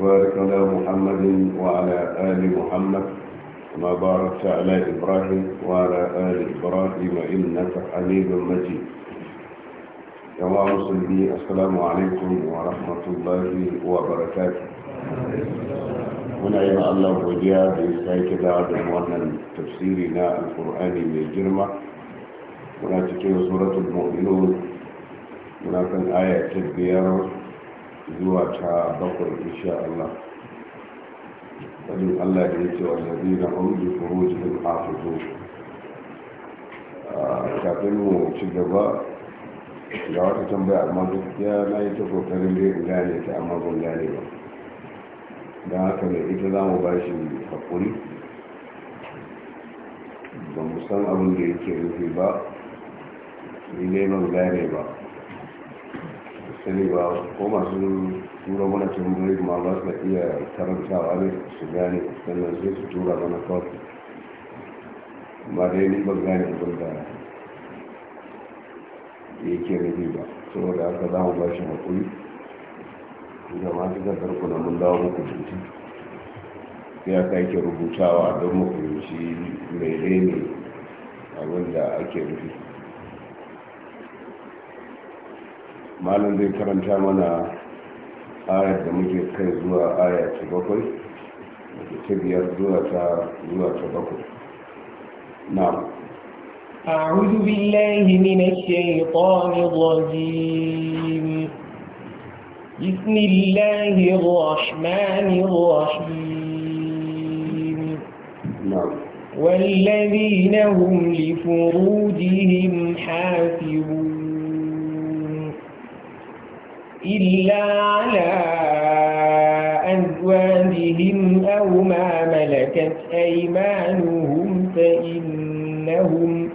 وبارك على محمد وعلى آل محمد كما باركت على إبراهيم وعلى آل إبراهيم إنك حميد مجيد جماعة مسلمي السلام عليكم ورحمة الله وبركاته هنا yi الله وجيا da ya sake da wannan tafsiri na alkur'ani mai سورة المؤمنون cikin آية mu'minun zuwa ta bakwai insha Allah wajen Allah da ya ce wa zabi na hulɗi furojin afirto ah, kafin mu ci gaba ga wata tambaya amma gaskiya na yi ta kokarin da ya gane ta amma ban gane ba don haka mai ita za mu bashi haƙuri ba mu san abin da yake rufe ba ni neman gane ba sani ba ko masu tura mana tambayoyi ma ba su iya karantawa ne su gane sannan sai su tura mana kawai ba dai ni ban gane abin da yake rabi ba saboda haka za mu ba shi haƙuri da masu gasar kuna mun dawo muku jinci ya ka yake rubutawa don mu fahimci mai ne abin da ake rufi malam zai karanta mana ayar da muke kai zuwa aya ta bakwai ta biyar zuwa ta zuwa ta bakwai na أعوذ بالله من الشيطان الرجيم بسم الله الرحمن الرحيم نعم والذين هم لفروجهم حافظون إلا على أزواجهم أو ما ملكت أيمانهم فإنهم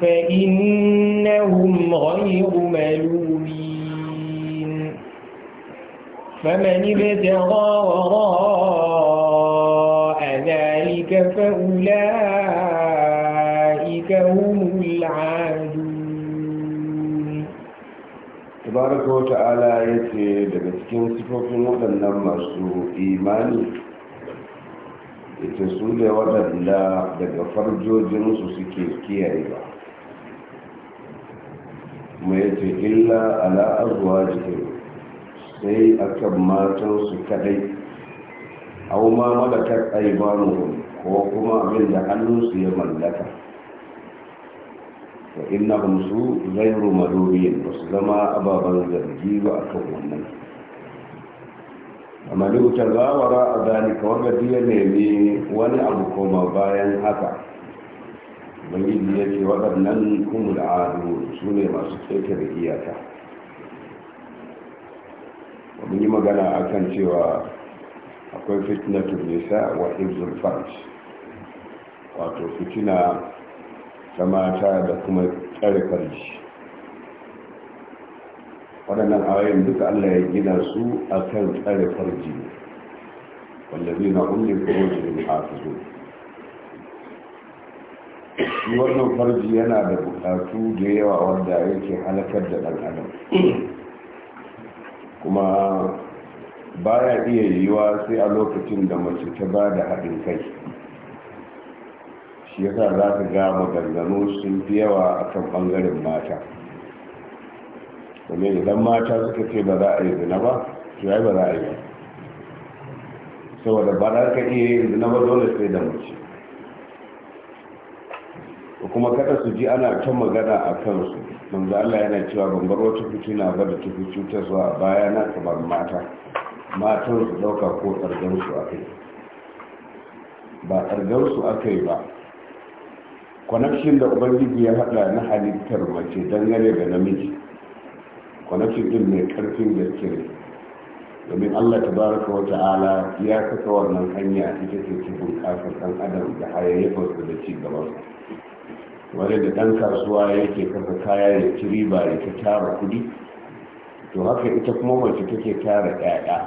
فإنهم غير ملومين فمن ابتغى وراء ذلك فأولئك هم العادون tabaraka wa ta'ala ya ce daga cikin sifofin waɗannan masu imani ita su da waɗanda daga farjojin su suke kiyaye ba kuma ya illa ala jikin sai akan matansu kadai au ma malakat aibanuhum ko kuma abin da su ya mallaka wa innahum su ghayru malumin ba su zama ababen zargi ba kan wannan amma duk ta zawara a zalika wanda biya nemi wani abu koma bayan haka ubangiji ya ce waɗannan kumul adu su ne masu keke da iyaka mun yi magana akan cewa akwai fitnatun tunisa wa ibzul farj wato fitina ta mata da kuma tsare farji waɗannan ayoyin duka Allah ya gina su a kan tsare wanda zai na kullum kurojin zo. shi wannan farji yana da buƙatu da yawa wanda yake halakar da ɗan adam kuma baya iya yiwuwa sai a lokacin da mace ta ba da haɗin kai shi yasa za ka ga maganganu sun fi yawa a kan ɓangaren mata domin idan mata suka ce ba za a yi zina ba to ya ba za a yi ba saboda ba za ka iya yin zina ba dole sai da mace kuma kada su ji ana ta magana a kansu manzo Allah yana cewa ban bar wata fitina ba da tafi cutarwa a baya na kamar mata matan su dauka ko tsargansu a kai ba tsargansu a kai ba connection da ubangiji ya hada na halittar mace dangane da namiji connection din mai karfin gaske ne domin allah ta baraka ta'ala ya saka wannan hanya ita ce cikin kasar dan adam da hayayyafarsa da ci gaba wadda da dan kasuwa yake kasa kaya ya ci riba ya ta tara kudi to haka ita kuma mace take tara 'ya'ya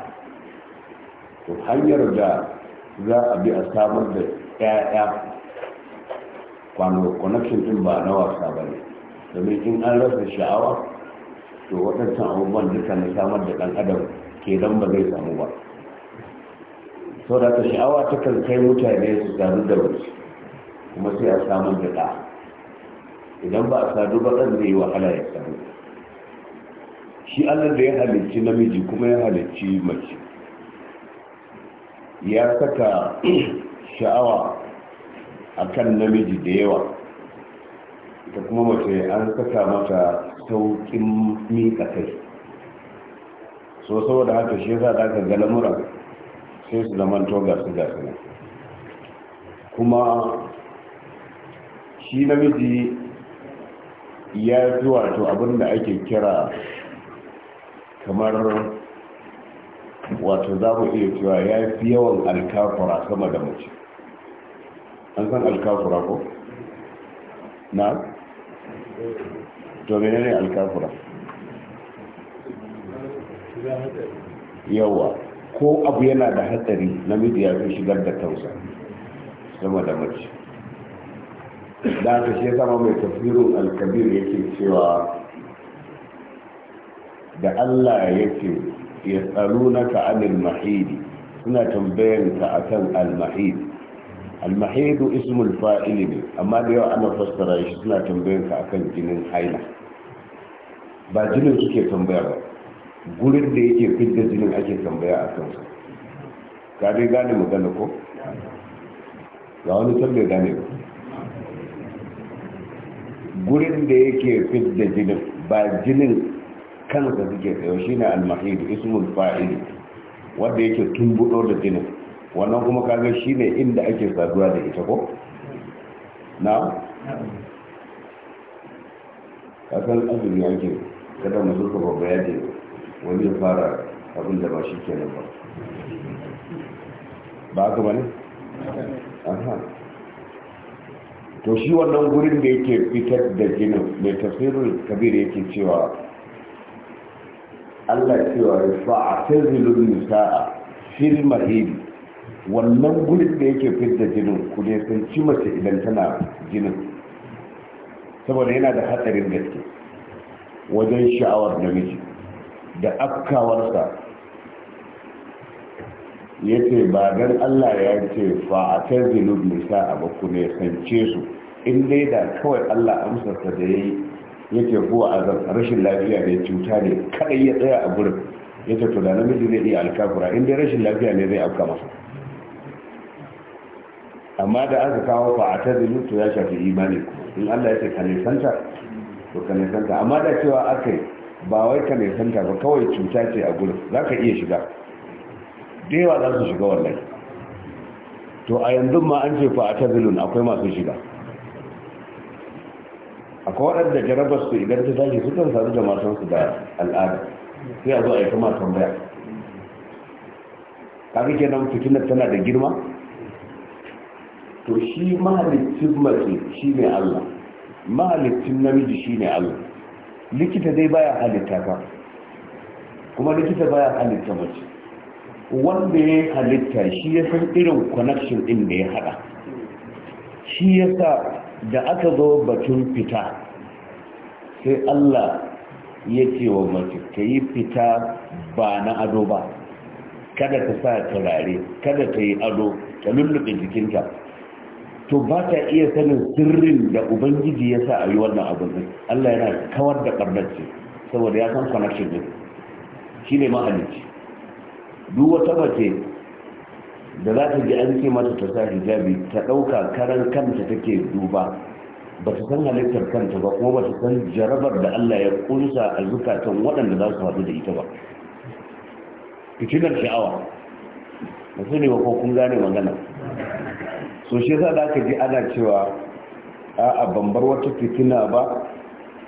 to hanyar da za a bi a samar da 'ya'ya kwano connection din ba na wasa ba ne domin in an rasa sha'awa to waɗancan abubuwan duka na samar da ɗan adam ke don ba zai samu ba sau da ta sha'awa ta kan kai mutane su sadu da wasu kuma sai a samun da ɗa idan ba a sadu ba ɗan zai yi wahala ya sadu shi allah da ya halicci namiji kuma ya halicci mace ya saka sha'awa A kan namiji da yawa ta kuma mace an saka mata saukin miƙa kai so saboda haka shi za ta ga lamura sai su zaman to gasu ne kuma shi namiji ya fi wato abinda ake kira kamar wato za mu iya cewa ya fi yawan alkafura sama da mace an san alkafura ko na to ne alkafura yawa ko abu yana da hatsari namiji ya fi shigar da tausa sama da mace da aka shi sama mai tafsirin alkabir yake cewa da allah yake ya tsaro na ka'anin mahidi suna tambayanka akan al-mahidi almahidu ismul fa'ili ne amma da yawa ana fassara shi suna tambayin ka akan jinin haila ba jinin suke tambaya ba gurin da yake fidda jinin ake tambaya a kansa ka dai gane magana ko ga wani tambaye gane ba gurin da yake fidda jinin ba jinin kansa suke tsayo shine almahidu ismul fa'ili wanda yake tumbuɗo da jinin wannan kuma kaga shi ne inda ake saduwa da ita ko na kasan azumi yake kada mu zurfa babba ya ce wani ya fara abin da ba shi ke nan ba ba ka ba ne? aha to shi wannan gurin da yake fitar da ginin mai tafirin kabir yake cewa allah cewa ya fa'a tazilun nisa'a fil mahidi wannan gulis da yake fidda jinin ku ne sun ci mace idan tana jinin saboda yana da hatsarin gaske wajen sha'awar namiji da afkawarsa ya ce ba don allah ya ce fa'atar zinub nisa a baku ne sance su in dai da kawai allah amsarsa da ya yi Ya ce kuwa a rashin lafiya ne cuta ne kadai ya tsaya a gurin ya ce to da namiji zai iya alkafura in dai rashin lafiya ne zai afka masa amma da aka kawo fa a tazilu to ya shafi imani ku in Allah ya ce ka nisanta to ka nisanta amma da cewa aka yi ba wai ka nisanta ba kawai cuta ce a gurin za ka iya shiga da yawa za su shiga wallahi to a yanzu ma an ce fa a tazilun akwai masu shiga akwai waɗanda jarabar su idan ta tashi sukan sadu da matansu da al'ada sai a zo a yi kama tambaya kaga kenan fitinar tana da girma to shi mahalicci mace shi ne allah mahalicin namiji shi ne allah likita dai baya halitta ka kuma likita baya halitta mace wanda ya halitta shi ya san irin connection din da ya hada shi ya sa da aka zo batun fita sai allah ya ce wa mace ka yi fita ba na ado ba kada ta sa turare kada ta yi ado ta lullube jikinta to ba ta iya sanin sirrin da ubangiji ya sa a yi wannan abin din Allah yana kawar da karnarci, saboda ya san connection din shi ne mahalicci duk wata mace da za ta ji an ce mata ta sa hijabi ta ɗauka karan kanta take duba ba ta san halittar kanta ba kuma ba ta san jarabar da Allah ya kunsa a zukatan waɗanda za su haɗu da ita ba fitinar sha'awa ba ne ba ko kun gane magana so shi yasa da ji ana cewa a bambar wata fitina ba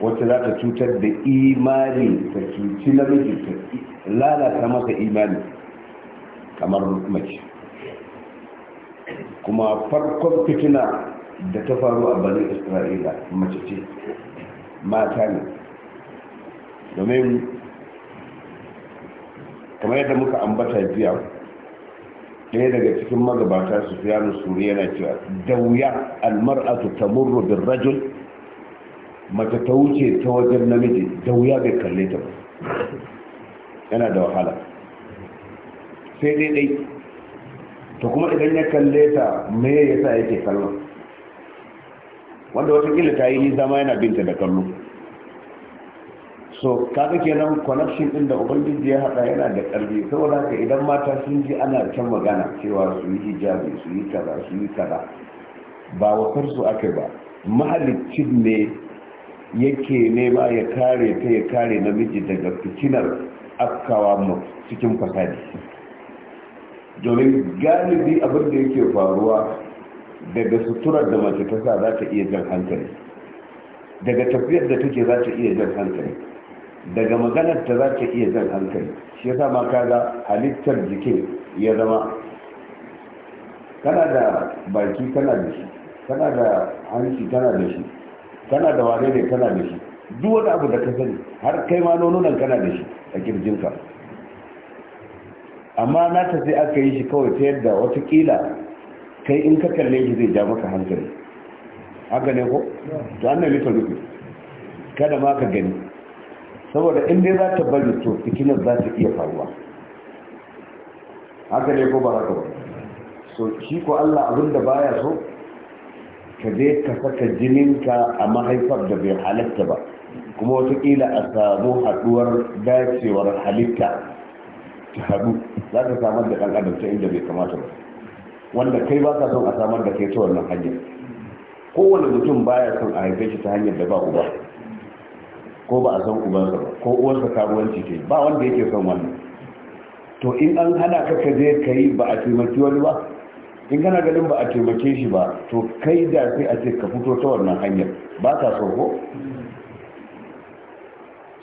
wata za ta cutar da imani ta cuci namiji ta lalata masa imani kamar mace kuma farkon fitina da ta faru a bane isra'ila mace ce mata ne domin kamar yadda muka ambata biya ɗaya daga cikin magabata su fiya suri yana cewa da wuya almar'atu ta murru bin rajul mace ta wuce ta wajen namiji da wuya bai kalle ta ba yana da wahala sai dai dai to kuma idan ya kalle ta me yasa yake kallon wanda watakila ta yi nisa ma yana binta da kallon. so kaga kenan connection din da ubangiji ya hada yana da karfi saboda haka idan mata sun ji ana can magana cewa su yi hijabi su yi kaza su yi kaza ba wa su aka ba mahalicin ne yake nema ya kare ta ya kare namiji daga fitinar afkawa mu cikin fasadi domin galibi abin da yake faruwa daga suturar da mace ta sa za ta iya jan hankali daga tafiyar da take za ta iya jan hankali daga maganar ta za ta iya zan hankali shi ya sama ka kaga halittar jikin ya zama kana da baki kana da shi kana da hanci kana da shi kana da wane ne kana da shi duk wani abu da ka sani har kai ma nonunan kana da shi a kirjinka amma na ta sai aka yi shi kawai ta yadda watakila kai in ka kalle shi zai ja maka hankali haka ne ko to an na kada ma ka gani saboda in dai za ta bari to fitinar za ta iya faruwa haka ne ko ba haka ba so shi ko Allah abin da baya so ka je ka saka ka a mahaifar da bai halitta ba kuma wata watakila a samu haduwar dacewar halitta ta hadu za ta samar da ɗan adam ta inda bai kamata ba wanda kai ba ka son a samar da kai ta wannan hanyar kowane mutum baya son a haife shi ta hanyar da ba uba ko ba a san ubansa ba ko uwansa karuwanci ce ba wanda yake son wannan to in an hana ka ka je kai ba a taimaki wani ba in kana ganin ba a taimake shi ba to kai da sai a ce ka fito ta wannan hanyar ba ka so ko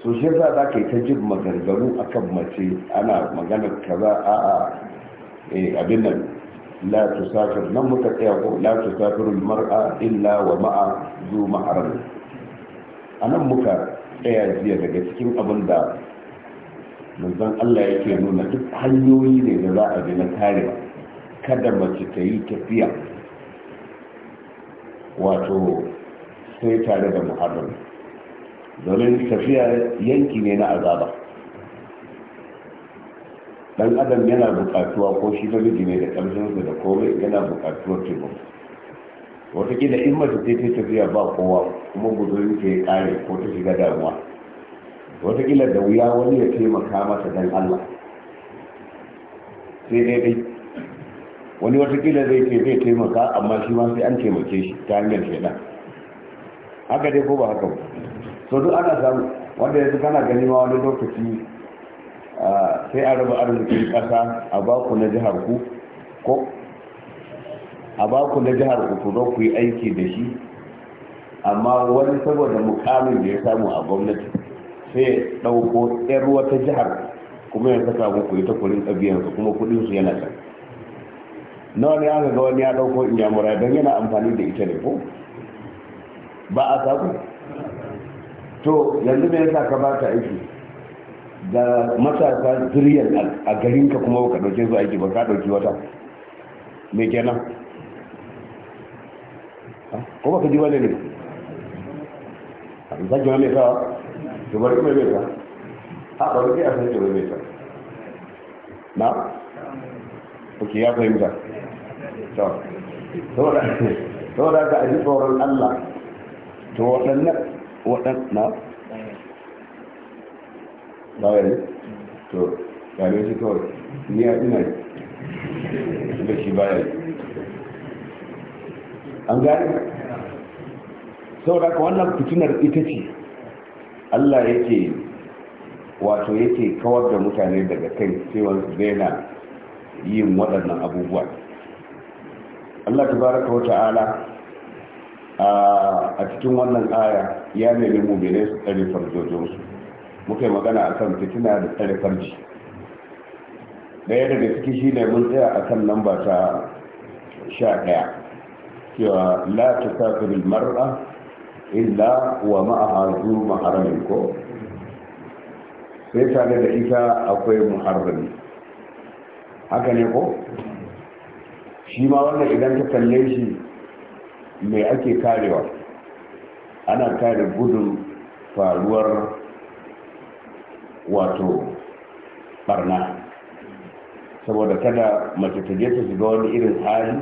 so shi yasa za ka yi ta jin maganganu akan mace ana magana kaza a a eh, abin nan la tusafir nan muka tsaya ko la tusafiru mar'a illa wa ma'a zu ma'aram anan muka tsaya jiya daga cikin abin da manzon Allah yake nuna duk hanyoyi ne da za a bi na kare kada mace ta yi tafiya wato sai tare da muharram domin tafiya yanki ne na azaba dan adam yana bukatuwa ko shi da ne da ƙarfinsa da komai yana bukatuwar taimako watakila in mace ce ta tafiya ba kowa kuma guzurin ta ya kare ko ta shiga damuwa watakila da wuya wani ya taimaka mata don allah sai dai dai wani watakila zai ke zai taimaka amma shi ma sai an taimake shi ta hanyar shaida haka dai ko ba haka ba so duk ana samu wanda yanzu kana gani ma wani lokaci ah, sai a raba arzikin ƙasa a baku na jihar ku ko a baku na jihar ku zo ku yi aiki da shi amma wani saboda mukamin da ya samu a gwamnati sai ɗauko yar wata jihar kuma ya saka muku ita kurin ɗabiyansu kuma kuɗin su yana can na wani aka ga wani ya ɗauko inyamura don yana amfani da ita ne ko ba a samu to yanzu me yasa ka ba ta aiki da matasa zuriyar a garinka kuma ba ka ɗauke zuwa aiki ba ka ɗauki wata me kenan ko ba ka ji wani ne a bisa jima mai jubar kuma mai a ba a san jubar mai na ok ya fahimta ka tsoron allah to waɗannan waɗannan ba yanzu to shi kawai ni a ina da an saboda ka wannan fitinar ita ce Allah yake wato yake kawar da mutane daga kai cewa daina yin waɗannan abubuwa Allah baraka wa ta'ala a cikin wannan aya ya nemi mu'mine su tsare farjojinsu muka yi magana kan fitina da tsare farji daya daga ciki ne mun tsaya akan lamba ta sha ɗaya cewa la tusafiru mar'a illa wa ma'aha maharamin ko sai tare da ita akwai muharrami haka ne ko shi ma wannan idan ta kalle shi mai ake karewa ana kare gudun faruwar wato barna saboda kada mace ta je ta shiga wani irin hali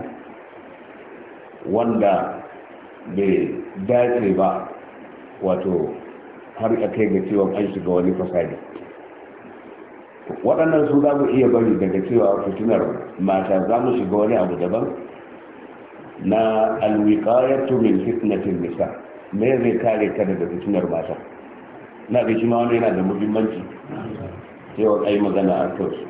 wanda bai dace ba wato har a kai ga cewa an shiga wani fasadi waɗannan su za mu iya bari daga cewa fitinar mata za mu shiga wani abu daban na alwiqayatu min fitnatin nisa me zai kare ka daga fitinar mata na ga shi ma wani yana da muhimmanci cewa kai magana a kyau, su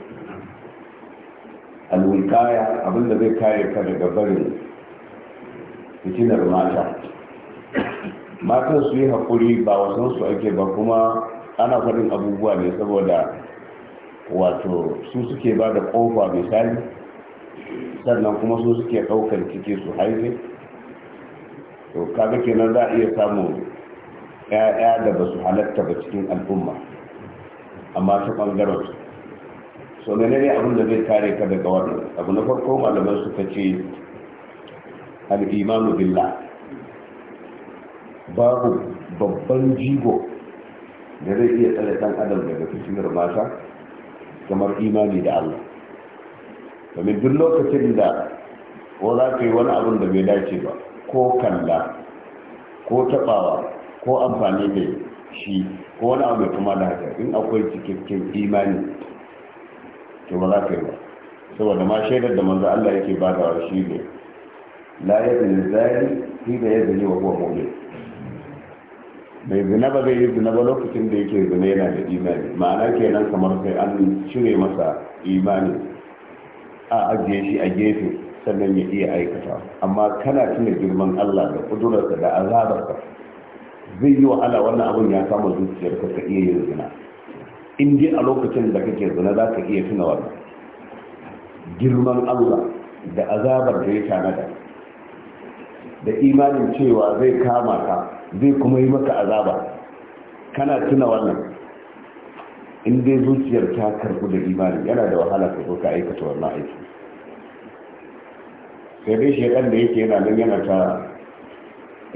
alwiqaya abinda zai kare ka daga barin fitinar mata matan su yi haƙuri ba wasan su ake ba kuma ana faɗin abubuwa ne saboda wato su suke ba da ƙofa misali sannan kuma su suke ɗaukar ciki su haife to kaga kenan za a iya samun ‘ya'ya da ba su halatta ba cikin al'umma amma ta ɓangaren su so ne ne abin da zai kare ka daga wannan abu na farko malaman suka ce al'imanu billah babu babban jigo da zai iya tsare dan adam daga fitinar mata kamar imani da Allah domin duk lokacin da ko za ka yi wani abin da bai dace ba ko kalla ko tabawa ko amfani da shi ko wani abu mai kuma da haka in akwai cikakken imani to ba za ka yi ba saboda ma shaidar da manzo Allah yake badawa shi ne la yadda zai shi da yadda ne wa huwa mu'min mai zina ba zai yi zina ba lokacin da yake zina yana da imani ma'ana kenan kamar sai an cire masa imani a ajiye shi a gefe sannan ya iya aikata amma kana tuna girman Allah da kudurarsa da azabarsa zai yi wahala wannan abun ya kama zuciyarka ka iya yin zina in dai a lokacin da kake zina za ka iya tuna wannan girman Allah da azabar da ya tanada da imanin cewa zai kama ka zai kuma yi maka azaba kana tuna wannan in dai zuciyar ta karbu da imani yana da wahala ka zo ka aikata wannan aiki sai dai shekar da yake yana nan yana ta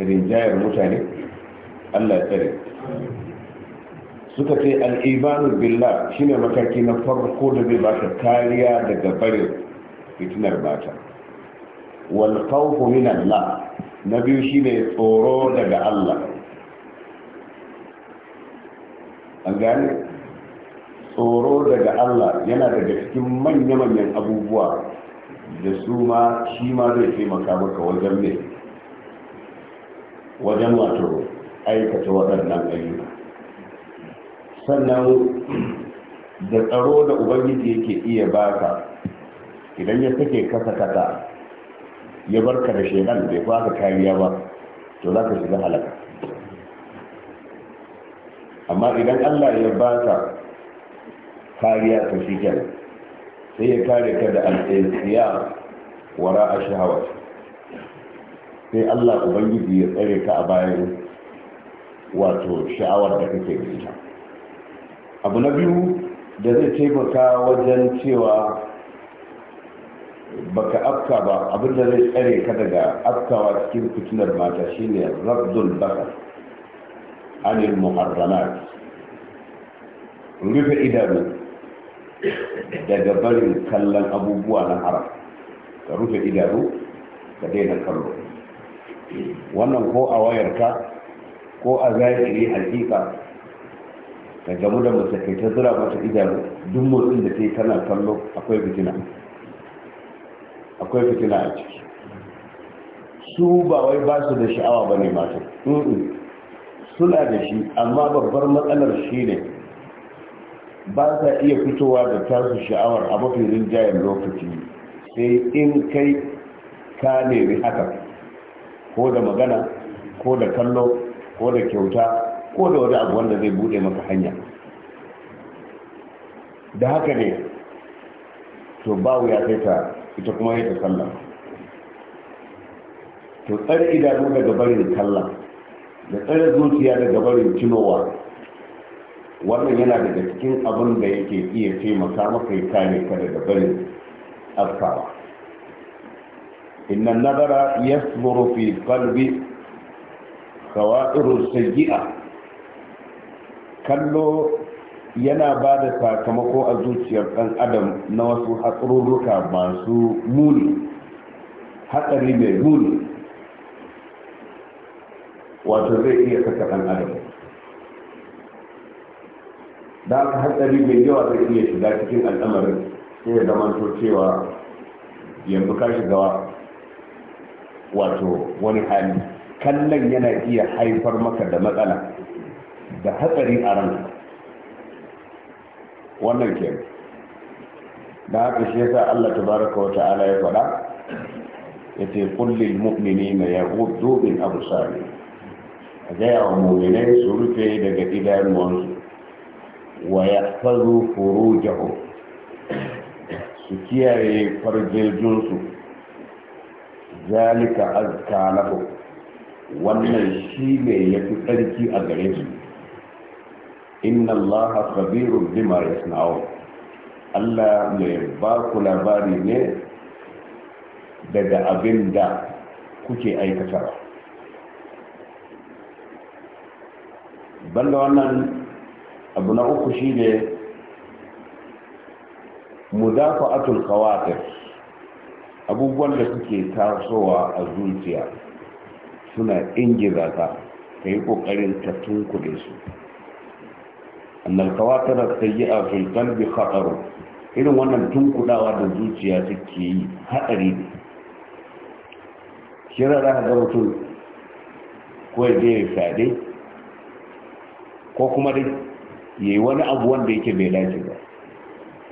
rinjayar mutane allah tsare suka ce al'ibanu billah shine mataki na farko da zai baka kariya daga barin fitinar mata wal khawfu min Allah na biyu ne tsoro daga Allah an gane tsoro daga Allah yana daga cikin manya-manyan abubuwa da su ma shi ma zai taimaka maka wajen ne wajen wato aikata waɗannan ayyuka sannan da tsaro da ubangiji yake iya baka idan ya sake kasa kasa ya bar ka da shaidan bai ka kariya ba to za ka shiga halaka amma idan allah ya ba ka kariya ta shi sai ya kare ka da al'insiya wara a shahawar sai allah ubangiji ya tsare ka a bayan wato sha'awar da kake da ita abu na biyu da zai taimaka wajen cewa baka afka ba abin da zai tsare ka daga afkawa cikin fitinar mata shine rabdul basar anil muharramat rufe idanu daga barin kallon abubuwa na haram ka rufe idanu ka daina kallo wannan ko a wayarka ko a zahiri hakika ka gamu da mace ta zura mata idanu duk motsin da ta yi kallo akwai fitina akwai fitina a ciki su ba wai ba su da sha'awa ba ne matan suna da shi amma babbar matsalar shi ne ba sa iya fitowa da tasu sha'awar a mafi rinjayen lokaci sai in kai ka nemi haka ko da magana ko da kallo ko da kyauta ko da wani abu wanda zai bude maka hanya da haka ne to bawu ya kai ta ita kuma ya ta sallah to tsare idanu daga barin kalla da tsare zuciya daga barin tunowa wannan yana daga cikin abin da yake iya taimaka maka ya kare ka daga barin afkawa inna nazara yasburu fi qalbi khawairu sayyi'a kallo yana ba da sakamako a zuciyar ɗan adam na wasu hatsarurruka masu muni hatsari mai muni wato zai iya saka ɗan adam da aka hatsari mai yawa zai iya shiga cikin al'amarin sai ya to cewa yanzu ka shiga wato wani hali kallon yana iya haifar maka da matsala da hatsari a ranka wannan ke da haka shi yasa Allah tabaraka wa ta'ala ya faɗa yace kullil mu'minina yaghuddu min absarihim a gaya wa mu'minai su rufe daga idanuwansu wa yahfazu furujahum su kiyaye farjejinsu zalika azka wannan shi ne yafi fi tsarki a gare su inna allaha Kabiru bima yasna'un Allah mai ba ku labari ne daga abin da kuke aikatawa banda wannan abu na uku shi shine mudafa'atul khawatir abubuwan da suke tasowa a zuciya suna ingiza ka yi kokarin ka su annal kawatar sayyi'a fil qalbi khatar irin wannan tunkudawa da zuciya take yi hadari ne kira da ga mutum ko ya je ya fade ko kuma dai yayi wani abu wanda yake bai dace ba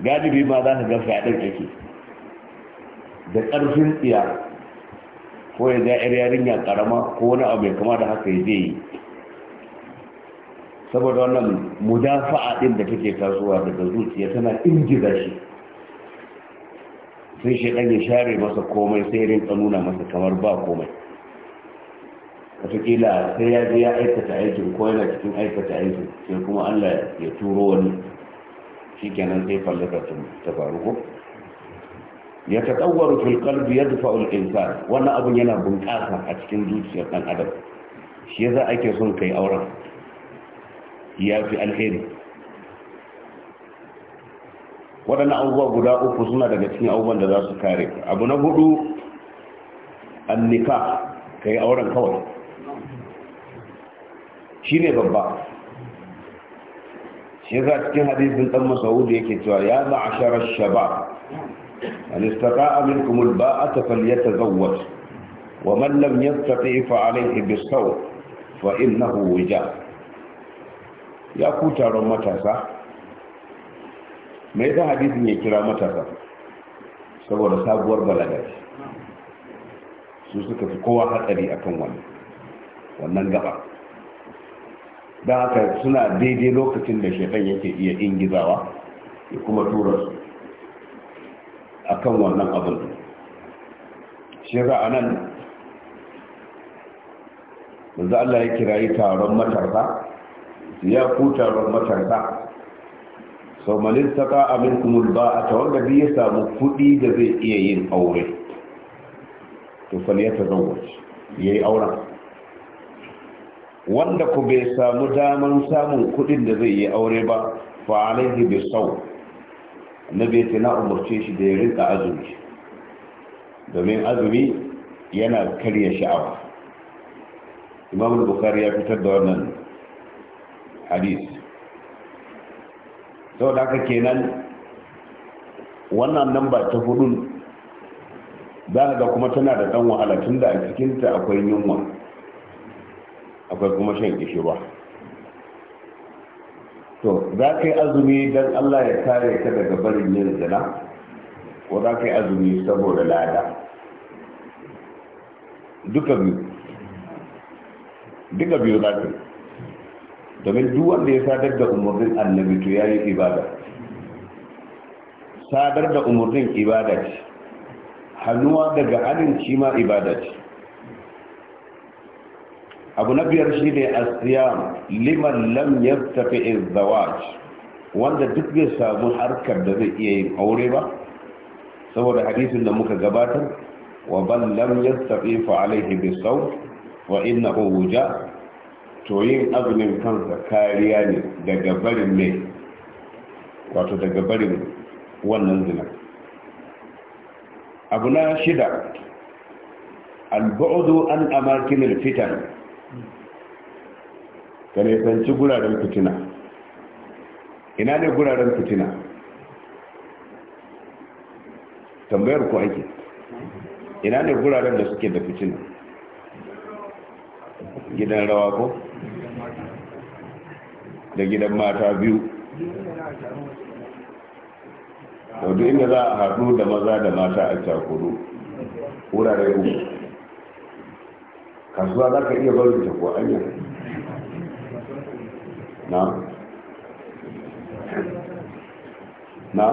galibi ma za ka ga fadin take da ƙarfin tsiya ko ya ja yar yarinya karama ko wani abu mai kama da haka ya je yi saboda wannan mudafa'a din da take tasowa daga zuciya tana ingiza shi sai shi ya share masa komai sai rinka nuna masa kamar ba komai watakila sai ya je ya aikata aikin ko yana cikin aikata aikin sai kuma allah ya turo wani shi kenan sai fallaka ta faru ko ya taɗawar filkar biyar da fa'ul insa, wannan abin yana bunƙasa a cikin zuciyar ɗan adam shi ya za ake son kai auren ya fi alheri waɗannan abubuwa guda uku suna daga cikin abubuwan da za su kare abu na hudu annika ka yi auren kawai shi ne babba shi za cikin hadisin ɗan masaud yake cewa ya ma'asharar shaba an istata'a minkum alba'ata falyatazawwaj wa man lam yastati fa alayhi bis-saw fa innahu ya ku taron matasa mai ta hadisi ya kira matasa saboda sabuwar balaga su suka fi kowa hatsari akan wani wannan gaba don haka suna daidai lokacin da shekan yake iya ingizawa ya kuma tura su akan wannan abin shekara a nan manzo Allah ya kirayi taron matasa ya kuta taron matasa sau malin saka abin kumul ba a ta wanda ya samu kuɗi da zai iya yin aure to faliyata zauwaci ya yi auren wanda ku bai samu damar samun kuɗin da zai yi aure ba fa alaihi sau na bai ta na umarce shi da ya rinka azumi domin azumi yana karya sha'awa imam bukhari ya fitar da wannan hadis sau da aka kenan wannan namba ta hudun za ga kuma tana da ɗan wahala tun da a cikinta akwai yunwa akwai kuma shan kishirwa to za ka yi azumi don allah ya kare ka daga barin yin zina ko za ka yi azumi saboda lada duka biyu duka biyu za ka yi domin duk wanda ya sadar da umarnin annabi to yayi ibada sadar da umarnin ibada ce hannuwa daga hannun shi ma ibada ce abu na biyar shi ne asiyam liman lam yastafi izawaj wanda duk bai samu harkar da zai iya yin aure ba saboda hadisin da muka gabatar wa ban lam yastafi fa alaihi bisaw wa innahu wuja to yin azumin kansa kariya ne daga barin mai wato daga barin wannan zina abu na shida albu'udu an amakinin fitan ka nisanci guraren fitina ina ne guraren fitina tambayar ku ake ina ne guraren da suke da fitina gidan rawa ko da gidan mata biyu wadda inda za a haɗu da maza da mata a cakudu wurare uku kasuwa za ka iya barin ta kuwa anya na na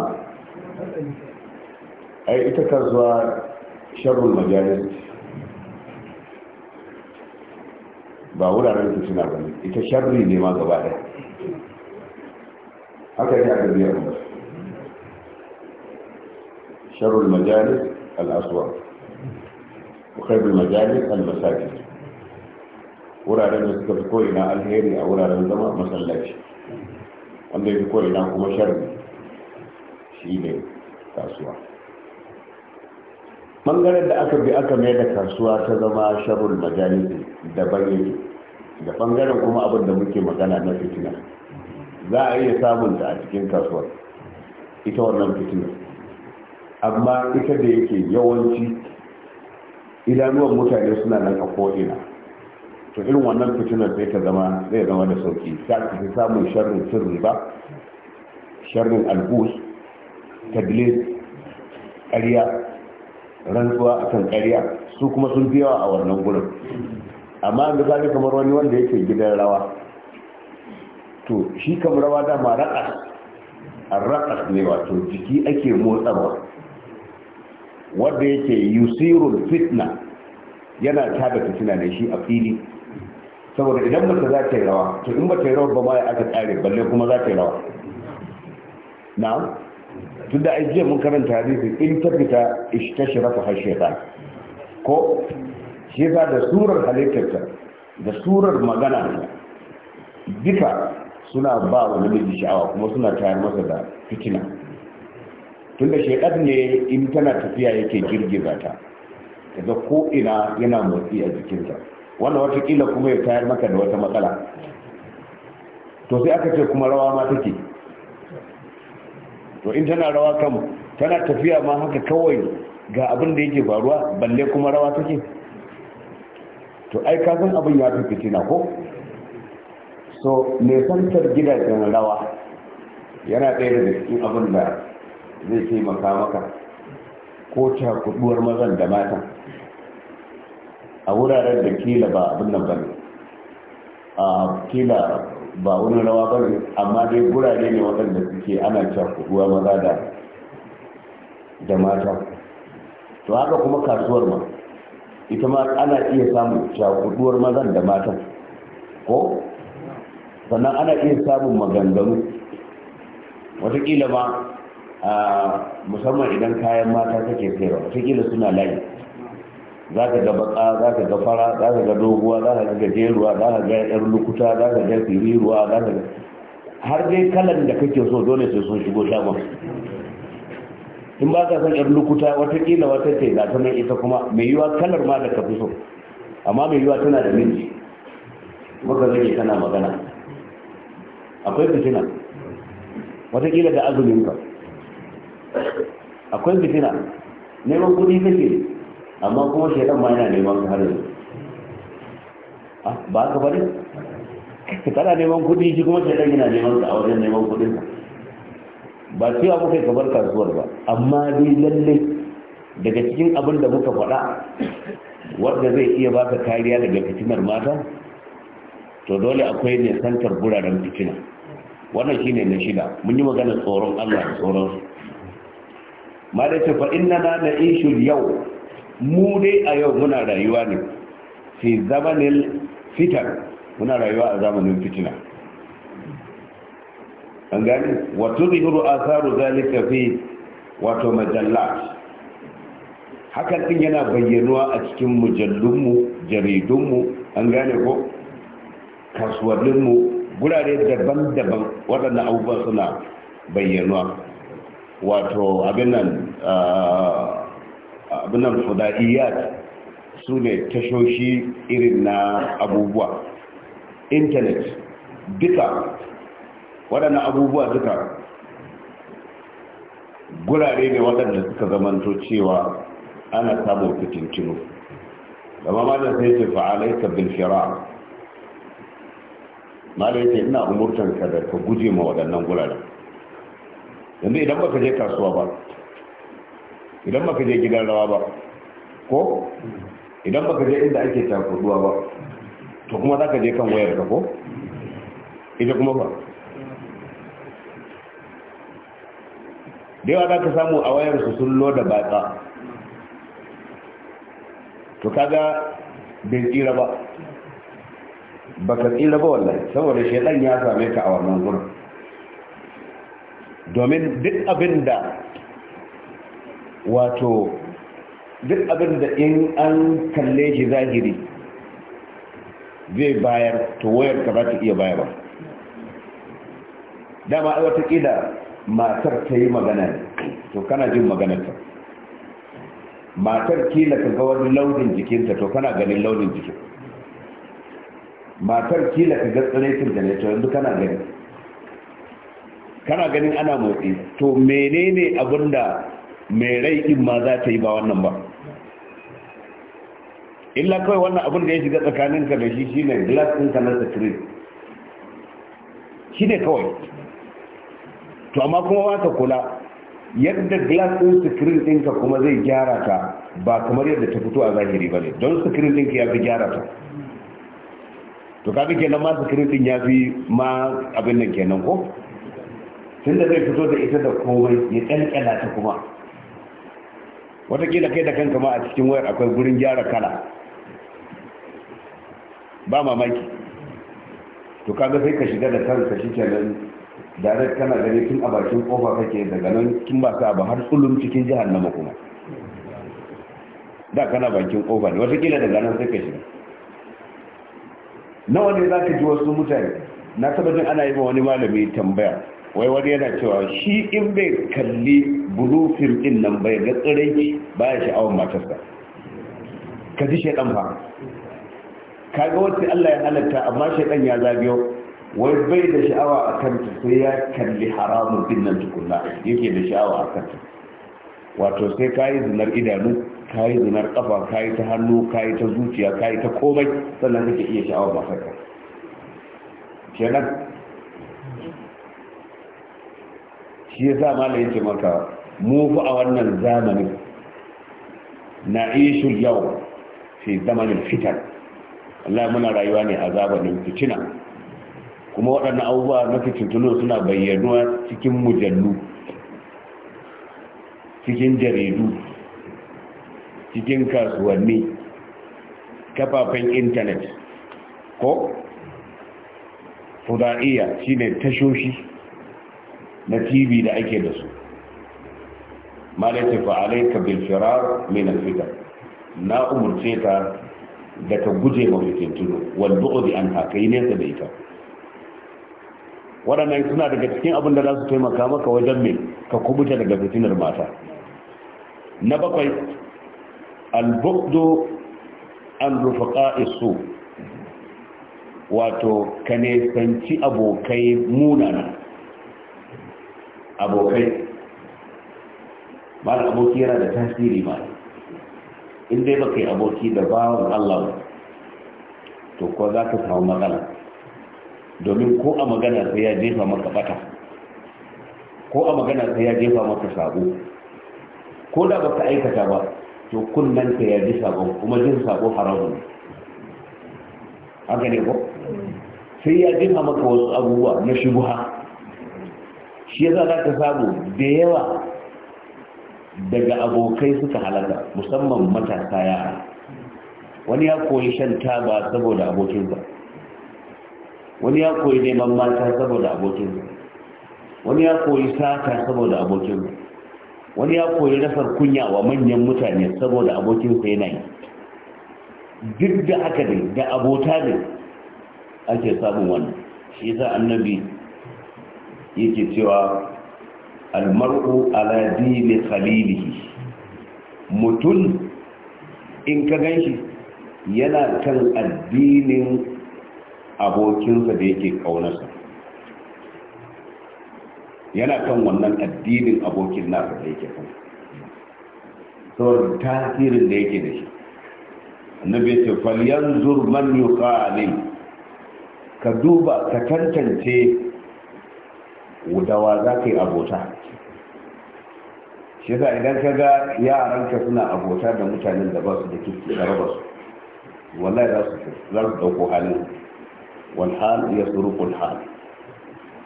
yi ita kasuwa Sharrun majalis ba wuraren fitina ba ne ita sharri ne ma gaba ɗaya haka ne aka biya mu sharul majalis al-aswar wa khairul majalis al-masajid wuraren da suka fi ko'ina alheri a wuraren zama masallaci wanda ya fi ko'ina kuma sharri shi ne kasuwa ɓangaren da aka bi aka mai da kasuwa ta zama sharrul majalisi daban yake da ɓangaren kuma abin da muke magana na fitina za a iya samun ta a cikin kasuwar ita wannan fitina amma ita da yake yawanci idanuwan mutane suna nan a ko'ina to irin wannan fitinar sai ta zama zai zama da sauki ta fi samun sharrin sirri ba sharrin albus tabile ƙarya rantsuwa a kan ƙarya su kuma sun fi yawa a wannan gurin amma da kamar wani wanda yake gidan rawa to shi kam rawa dama raƙas raƙas ne wato jiki ake motsawa. wanda yake yusirul fitna yana tada fitina ne shi a fili saboda idan mace za ta yi rawa to in ba ta rawa ba ma ya aka tsare balle kuma za ta yi rawa na tun da ajiyar mun karanta hadisi in ta fita ta shirafa har ko shi da surar halittarta da surar magana duka suna ba wa namiji sha'awa kuma suna tayar masa da fitina tunda shaidan ne in tana tafiya yake girgiza ta daga ko ina yana motsi a jikinta wanda watakila kuma ya tayar maka da wata matsala to sai aka ce kuma rawa ma take to in tana rawa kan tana tafiya ma haka kawai ga abin da yake faruwa balle kuma rawa take to ai kafin abin ya fi fitina ko so nisantar gidajen rawa yana ɗaya daga cikin abin da zai taimaka maka ko cakuduwar mazan da matan a wuraren da kila ba abin nan ba ne a kila ba wani rawa ba ne amma dai gurare ne waɗanda suke ana cakuduwa maza da da mata to haka kuma kasuwar ma ita ma ana iya samun cakuduwar mazan da matan ko sannan ana iya samun maganganu watakila ma musamman idan kayan mata kake sayarwa watakila suna layi za ka ga baka za ka ga fara za ka ga doguwa za ka ga gajeruwa za ka ga yar lukuta za ka ga firiruwa za ka ga har dai kalan da kake so dole sai sun shigo shagon in ba ka san yar lukuta watakila wata ce za ta nan ita kuma mai yiwa kalar ma da ka fi so amma mai yiwa tana da minti. maka zage kana magana akwai fitina watakila da azumin ka akwai fitina neman kudi kake amma kuma shaidan ma yana neman ka har yanzu ah, ba ka bari kana neman kudi shi kuma shaidan yana neman ka a wajen neman kudin ba cewa muka yi kabar kasuwar ba amma dai lalle daga cikin abin da muka faɗa wanda zai iya baka kariya daga fitinar mata to dole akwai ne santar guraren fitina wannan shi ne na shida mun yi magana tsoron Allah da tsoron ma da ce fa inna na na ishu yau mu dai a yau muna rayuwa ne fi zamanin fitar muna rayuwa a zamanin fitina an gani wato a tsaro zalika fi wato Majalla? hakan din yana bayyanuwa a cikin mujallunmu jaridunmu an gane ko kasuwanninmu gurare daban-daban waɗannan abubuwan suna bayyanuwa wato abinan abinan ah, su ne tashoshi irin na abubuwa intanet duka waɗannan abubuwa duka gurare ne waɗanda suka zamanto cewa ana samun fitintinu Gaba ma da sai ce fa'alaita bil shira malai ce ina umurtan ka da ka guje ma waɗannan guraren yanzu idan baka je kasuwa ba idan baka je gidan rawa ba ko idan baka je inda ake takuduwa ba to kuma za ka je kan wayar ka ko ita kuma ba da za ka samu a wayar su sun loda batsa to kaga bai tsira ba baka tsira ba wallahi saboda shedan ya same ka a wannan gurin domin duk abin da wato duk abin da in an kalle shi zahiri zai bayar to wayar ka za ta iya bayar ba dama ai watakila matar ta yi magana ne to kana jin maganarta matar kila ka ga wani launin jikinta to kana ganin launin jikinta matar kila ka ga tsiraitin da ne to yanzu kana gani kana ganin ana motsi to menene abin da mai rai in ma za ta yi ba wannan ba illa kawai wannan abin da ya shiga tsakaninka da shi shine glass ɗinka na screen shi ne kawai to amma kuma ka kula yadda glass ɗin screen ɗinka kuma zai gyara ka ba kamar yadda ta fito a zahiri ba ne don screen ɗinka ya fi gyara ta to kaga kenan ma sikirin ya fi ma abin nan kenan ko tun da zai fito da ita da komai ya kankana ta kuma watakila kai da kanka ma a cikin wayar akwai gurin gyara kala ba mamaki to kaga sai ka shiga da kanka shi kenan direct kana gani tun a bakin kofa kake daga nan kin ba ka ba har tsulum cikin jihar na kuma da kana bakin kofa ne watakila daga nan sai ka shiga nawa ne za ka ji wasu mutane na sabajin ana yi ma wani malami tambaya wai wani yana cewa shi in bai kalli bulufin din nan bai ga tsirai ba ya sha'awar matarsa ka ji shaidan fa ka ga wacce allah ya halatta amma shaɗan ya zabiyo wai bai da sha'awa a kanta sai ya kalli haramun din nan tukunna yake da sha'awa a kanta wato sai ka yi zinar idanu kayi zinar kafa ka ta hannu ka ta zuciya ka yi ta komai sannan kake iya sha'awar ka. kenan shi ya sa yake maka mu fa a wannan zamanin na ishu yau fi zamanin fitan Allah muna rayuwa ne a zamanin fitina kuma waɗannan abubuwa na fitintuno suna bayyanuwa cikin mujallu cikin jaridu cikin kasuwanni kafafen intanet ko fuda'iya shine tashoshi na tv da ake da su malaka fa'alai ka bil firar min na umurce ka da ka guje ma fitintunu wal bu'd an yi ne da ita waɗannan suna daga cikin abin da za su taimaka maka wajen mai ka kubuta daga fitinar mata na bakwai albukdu an rufaƙa isu wato ka nesanci abokai munana abokai ba aboki yana da tasiri ba. in dai baka aboki da bawon allah to kuwa za ka samu matsala domin ko a magana sai ya jefa maka bata ko a magana sai ya jefa maka sabo ko da baka aikata ba to kullum ka ya ji sabon kuma jin sabo haramu ne haka ne ko sai ya jima maka wasu abubuwa na shubuha shi yasa za ka samu da yawa daga abokai suka halaka musamman matasa yara wani ya koyi shan taba saboda abokinsa wani ya koyi neman mata saboda abokinsa wani ya koyi sata saboda abokinsa wani ya koyi rasar kunya wa manyan mutane saboda abokinsa yana yi duk da haka ne da abota ne ake samun wannan shi yasa annabi yake cewa almar'u ala dini khalilihi mutum in ka ganshi yana kan addinin abokinsa da yake kaunarsa yana kan wannan addinin abokin nasa da yake kan saboda tasirin da yake da shi annabi ce falyanzur man yuqali ka duba ka tantance dawa za ka yi abota shi idan ka ga yaranka suna abota da mutanen da ba su da kiki da raba su wallahi za su ɗauko halin wal hal ya surukul hal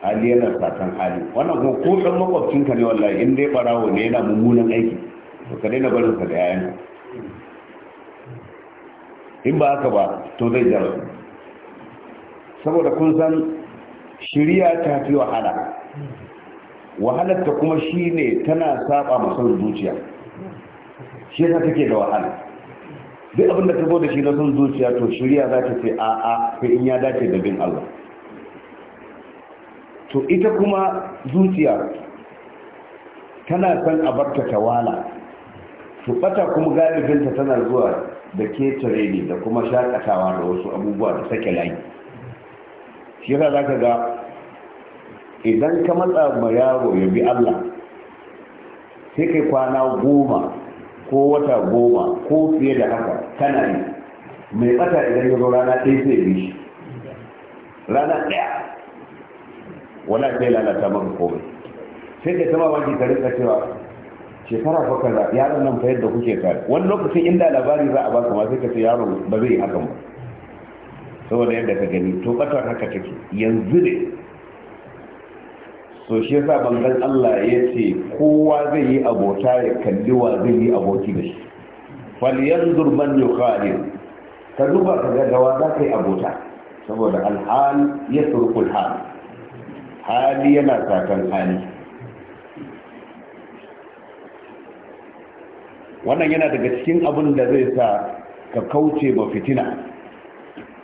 hali yana satan hali wannan kuma ko dan makwabcinka ne wallahi in dai barawo ne yana mummunan aiki to ka daina barin sa da yayan in ba haka ba to zai jara saboda kun san shiriya ta fi wahala wahalar ta kuma shine tana saba masa zuciya shi yasa take da wahala duk abin da ta zo da shi na son zuciya to shirya za ta ce a'a sai in ya dace da bin Allah to ita kuma zuciya tana son a barta tawala bata kuma galibinta tana zuwa da ketare ne da kuma shakatawa da wasu abubuwa da sake layi shi yasa za ka ga idan ka matsa ma yaro ya bi allah sai kai kwana goma ko wata goma ko fiye da haka kana yi mai ɓata idan ya zo rana ɗaya sai bi shi rana ɗaya wala sai lalata maka komai sai da sama baki ka rinka cewa shekara fa kaza yaron nan fa yadda kuke ka wani lokacin inda labari za a baka ma sai ka ce yaron ba zai yi hakan ba saboda yadda ka gani to batar haka take yanzu ne so shi yasa bangan Allah ya ce kowa zai yi abota ya kalli wa zai yi aboki da shi falyanzur man yukhalil ka duba ka ga dawa za ka yi abota saboda alhal ya hal hali yana sakan hali wannan yana daga cikin abin da zai sa ka kauce ma fitina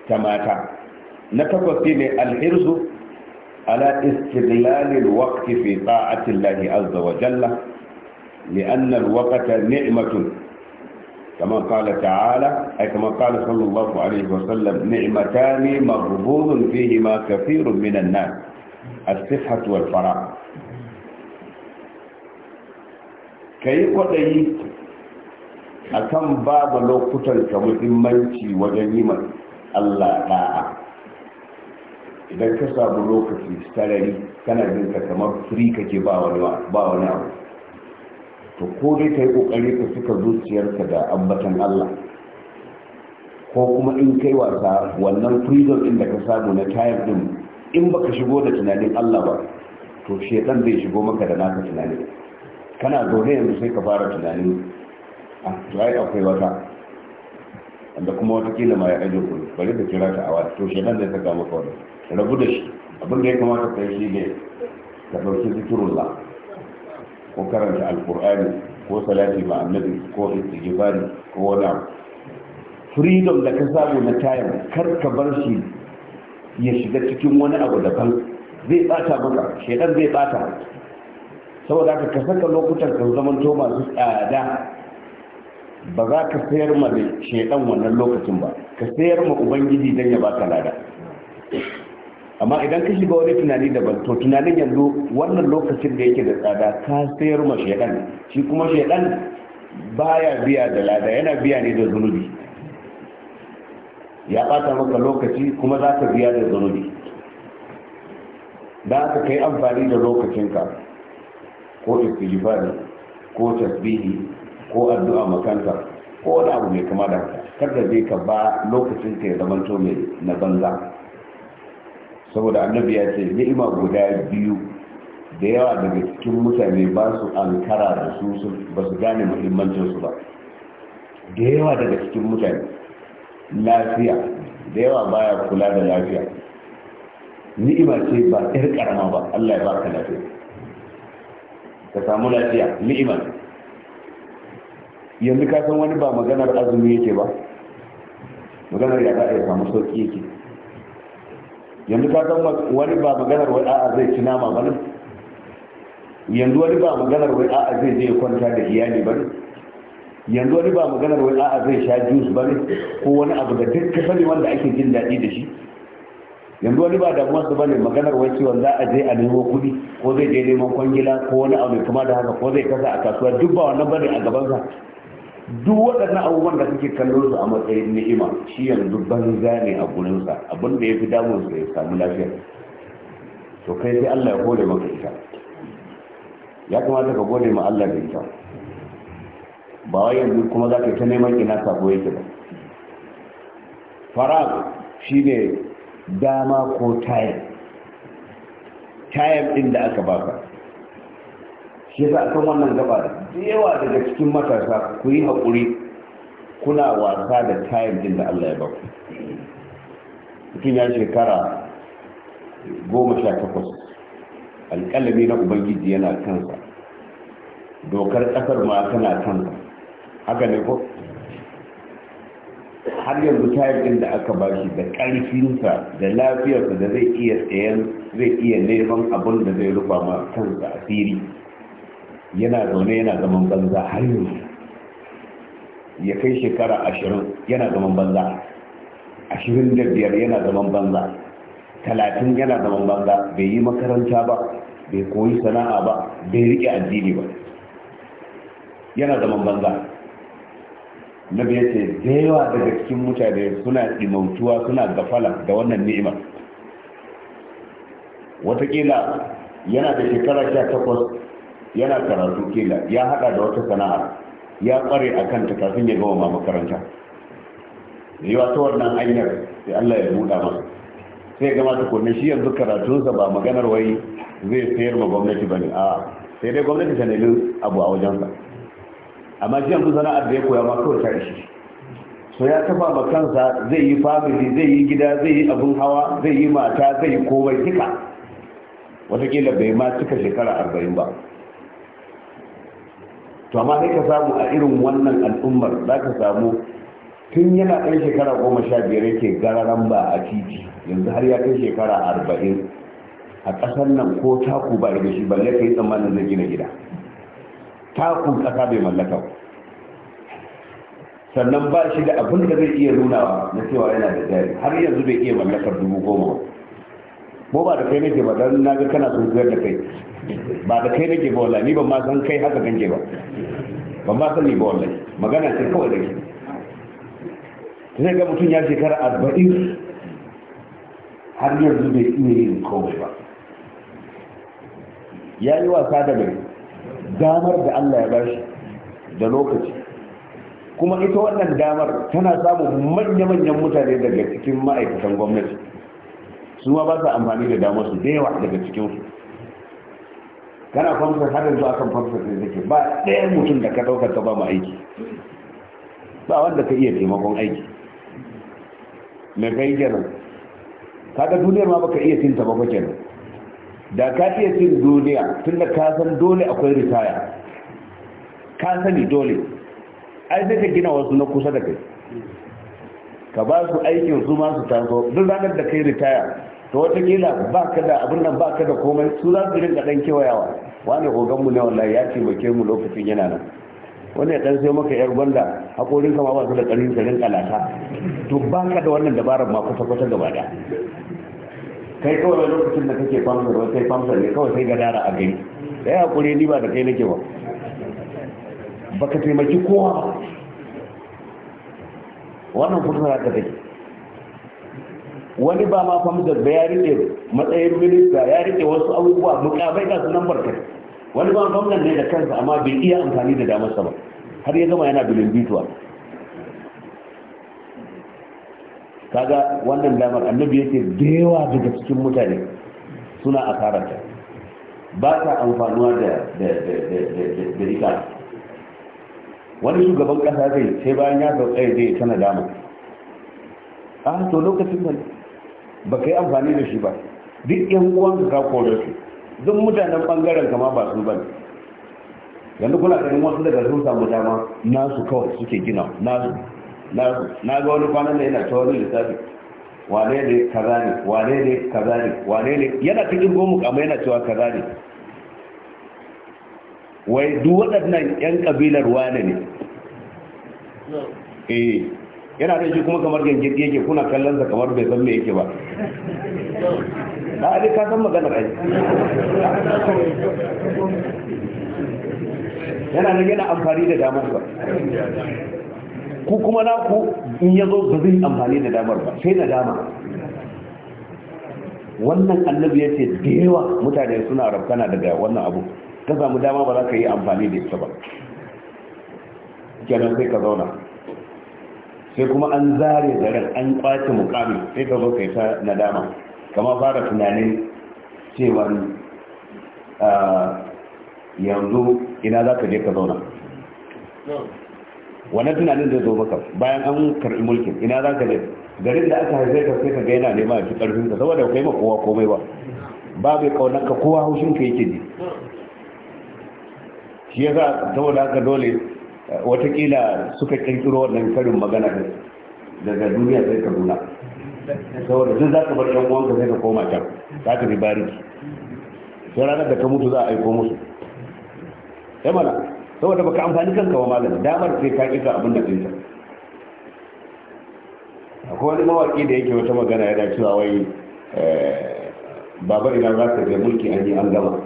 ta mata na takwas ne alhirzu ala istiglalil waqti fi ta'ati Allah azza wa jalla لأن الوقت نعمة كما قال تعالى أي كما قال صلى الله عليه ne نعمتان مغبوط فيهما كثير من nan. as-sihhat wal fara kai kwadayi akan ba da lokutan ka muhimmanci wajen yi Allah da'a idan ka samu lokaci sarari kana jin ka kamar free kake ba wani ba wani abu to ko dai kai kokari ka suka zuciyarka da ambatan Allah ko kuma in kai wasa wannan freedom din da ka samu na tayar din in baka shigo da tunanin Allah ba to shedan zai shigo maka da naka tunanin kana zaune yanzu sai ka fara tunanin a ah, ai akwai wata wanda kuma watakila ma ya aje ku bari ka kira ta awa to shedan zai saka maka wani rabu da shi abin da ya kamata ka yi shi ne ka ɗauki zikirullah ko karanta alkur'ani ko salati ma annabi ko istighfari ko wani abu freedom da ka samu na tayar kar ka bar shi ya shiga cikin wani abu daban zai bata maka shaidan zai bata saboda ka saka lokutan ka zaman to masu tsada ba za ka sayar ma da shaidan wannan lokacin ba ka sayar ma ubangiji don ya baka lada amma idan ka shiga wani tunani daban to tunanin yanzu wannan lokacin da yake da tsada ka sayar ma shaidan shi kuma shaidan baya biya da lada yana biya ne da zunubi ya bata maka lokaci kuma za ka biya da zunubi da aka kai amfani da lokacinka ko istighfari ko tasbihi ko addu'a makanta ko wani abu mai kama da kada zai ka ba lokacin ka ya zama to mai na banza saboda annabi ya ce ni'ima guda biyu da yawa daga cikin mutane ba su ankara da su ba su gane muhimmancin ba da yawa daga cikin mutane lafiya da yawa baya kula da lafiya ni'ima ce ba ƴar karama ba Allah ya baka lafiya ka samu lafiya ni'ima yanzu ka san wani ba maganar azumi yake ba maganar ya za ya samu sauƙi yake yanzu ka san wani ba maganar wai a'a zai ci nama ba yanzu wani ba maganar wai a'a zai je kwanta da iyali ba ne yanzu wani ba maganar wani a'a zai sha jus ba ne ko wani abu da duk ka sani wanda ake jin daɗi da shi yanzu wani ba damuwar su ne maganar wani ciwon za a je a nemo kuɗi ko zai je neman kwangila ko wani abu mai kuma da haka ko zai kasa a kasuwa duk ba wannan bane a gabansa duk waɗannan abubuwan da suke kallo su a matsayin ni'ima shi yanzu banza ne a gurinsa abin da ya fi damun su ya samu lafiya to kai sai Allah ya gode maka ita ya kamata ka gode ma Allah da ita ba wai yanzu kuma za ka ta neman ina sabo yake ba farag shi ne dama ko tayar tayar ɗin da aka baka shi a kan wannan gaba da yawa daga cikin matasa ku yi haƙuri kuna wasa da tayar ɗin da allah ya baku mutum ya shekara goma sha takwas alƙalami na ubangiji yana kansa dokar ƙasar ma tana kansa haka ne ko har yanzu tayar din da aka ba shi da ƙarfinsa da lafiyarsa da zai iya tsayen zai iya neman abin da zai rufa ma kansa asiri yana zaune yana zaman banza har yanzu ya kai shekara ashirin yana zaman banza ashirin da biyar yana zaman banza talatin yana zaman banza bai yi makaranta ba bai koyi sana'a ba bai riƙe addini ba yana zaman banza Na ya ce da yawa daga cikin mutane suna imautuwa suna gafala da wannan ni'imar watakila yana da shekara sha yana karatu kila ya hada da wata sana'a ya kware a kanta kafin ya gama makaranta yi wannan hanyar sai allah ya buɗa masa sai ya gama tukunan shi yanzu karatunsa ba maganar wai zai sayar ma gwamnati ba ne a sai dai gwamnati ta nemi abu a wajensa amma shi yanzu sana'ar da ya koya ma kawai ta ishe so ya kafa ma kansa zai yi family zai yi gida zai yi abin hawa zai yi mata zai yi komai duka watakila bai ma cika shekara arba'in ba to amma sai ka samu a irin wannan al'ummar za ka samu tun yana ɗan shekara goma sha biyar yake gararan ba a titi yanzu har ya kai shekara arba'in a ƙasar nan ko taku ba da shi balle ka yi tsammanin zai gina gida takun kasa bai mallaka sannan ba shi da abin da zai iya nunawa na cewa yana da jari har yanzu bai iya mallakar dubu goma ko ba da kai nake ba dan na ga kana sun da kai ba da kai nake ba wallahi ban ma san kai haka ganke ba ban ma san ni ba wallahi magana ce kawai da ke sai ga mutum ya shekara arba'in har yanzu bai iya yin komai ba ya yi wasa da mai damar da Allah ya bashi da lokaci kuma ita wannan damar tana samun manya-manyan mutane daga cikin ma'aikatan gwamnati su ma ba su amfani da damar su da yawa daga cikinsu kana famsar har yanzu akan famsar da take ba ɗaya mutum da ka ɗaukar ka ba mu aiki ba wanda ka iya taimakon aiki me kai kenan kaga duniyar ma baka iya tinta ba kenan da ka iya cin duniya tun da ka san dole akwai ritaya ka sani dole ai sai ka gina wasu na kusa da kai ka ba su aikin su ma su taso duk ranar da kai ritaya to watakila ba ka da abin nan ba ka da komai su za su rinka dan kewayawa wani oganmu ne wallahi ya taimake mu lokacin yana nan wani ya dan sai maka yar gwanda hakorin kama ba su da karin karin kalata to ba ka da wannan dabarar ma kwata kwata gaba da kai kawai lokacin da kake famsar wata kai famsar ne kawai sai gadara a gani da ya haƙuri ni ba da kai nake ba baka taimaki kowa ba wannan fursa ta take wani ba ma famsar ba ya rike matsayin minista ya rike wasu abubuwa mukabai ga sunan barkar wani ba famsar ne da kansa amma bai iya amfani da damar sama. ba har ya zama yana bilin bituwa kaga wannan damar annabi yake da yawa daga cikin mutane suna karanta ba ta amfanuwa da da ita wani shugaban kasa zai sai bayan ya sauka zai ta dama. a ah, to lokacin da ba ka yi amfani da shi ba duk yan uwan ka kore su duk mutanen bangaren kama ba su ba yanzu kuna ganin wasu daga sun samu dama nasu kawai suke gina nasu na ga wani kwanan da yana ta wani lissafi wane ne kaza ne wane ne kaza ne wane ne yana cikin gomu amma yana cewa kaza ne wai duk waɗannan 'yan ƙabilar wane ne eh yana da shi kuma kamar gangir yake kuna kallon sa kamar bai san me yake ba na abi ka san magana kai yana nan yana amfani da damar ba ku kuma na ku in ya zo ba zai amfani da damar ba sai na dama wannan annabi ya ce da yawa mutane suna rabtana daga wannan abu ka samu dama ba za ka yi amfani da ita ba kenan sai ka zauna sai kuma an zare zaren an kwace mukami sai ka zo kai ta nadama kama fara tunanin cewa ah, yanzu ina za ka je ka zauna wannan tunanin zai zo maka bayan an karɓi mulkin ina za ka je garin da aka haife ka sai ka ga yana nema a fi ƙarfin ka saboda kai ma kowa komai ba ba bai kaunar ka kowa haushin ka yake ne shi ya saboda haka dole eh, watakila suka kirkiro wannan karin magana daga duniya sai ka nuna saboda duk za ka bar yan uwanka sai ka koma can za ka fi bariki sai ranar da ka mutu za a aiko musu sai mana saboda baka amfani kanka wa malami damar sai ka kika abin da dinka akwai wani mawaki da yake wata magana yana cewa wai eh, babar idan za ka je mulki an yi an gama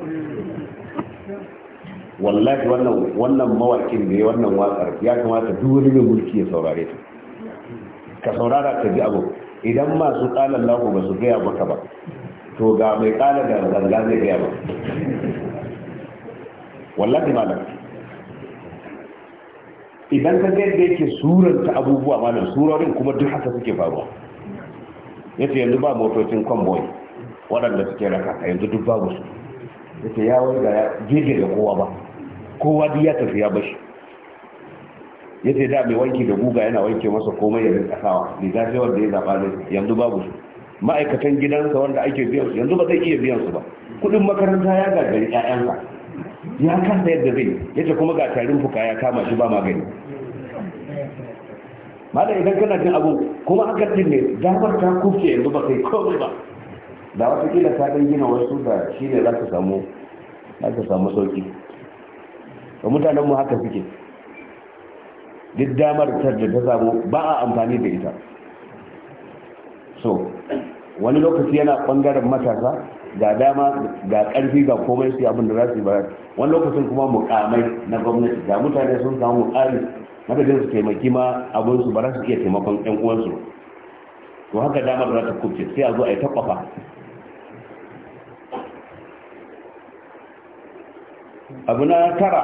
wallahi wannan wannan mawakin da ya wannan wakar ya kamata duk wani mai mulki ya saurare ta ka saurara ka ji abu idan masu kalan lahu ba su gaya maka ba to ga mai kala da zanga zai gaya ba wallahi malam idan ka yadda yake suranta abubuwa malam surorin kuma duk haka suke faruwa ya ce yanzu ba motocin convoy waɗanda suke raka a yanzu duk babu su ya ce ya wani gaya, ga da kowa ba kowa duk ya tafi ya bashi ya ce da mai wanki da guga yana wanke masa komai ya rinka sawa riga sai wanda ya zaɓa ne yanzu babu su ma'aikatan gidansa wanda ake biyan su yanzu ba zai iya biyan su ba kuɗin makaranta ya gagari 'ya'yanka ya kasa yadda zai yace kuma ga tarin fuka ya kama shi ba magani da idan kana jin abu kuma aka din ne damar ta kuke yanzu ba kai komai ba da wata kila ta dan gina wasu da shi ne za ka samu za ka samu sauki ba mutanen mu haka suke duk damar ta da ta samu ba a amfani da ita so wani lokaci yana bangaren matasa ga dama ga karfi ga komai su abin da za su yi ba wani lokacin kuma mukamai na gwamnati ga mutane sun samu mukami da su taimaki ma abin su ba za su iya taimakon yan uwansu to haka dama da za ta kubce sai a zo a yi takwafa abu na tara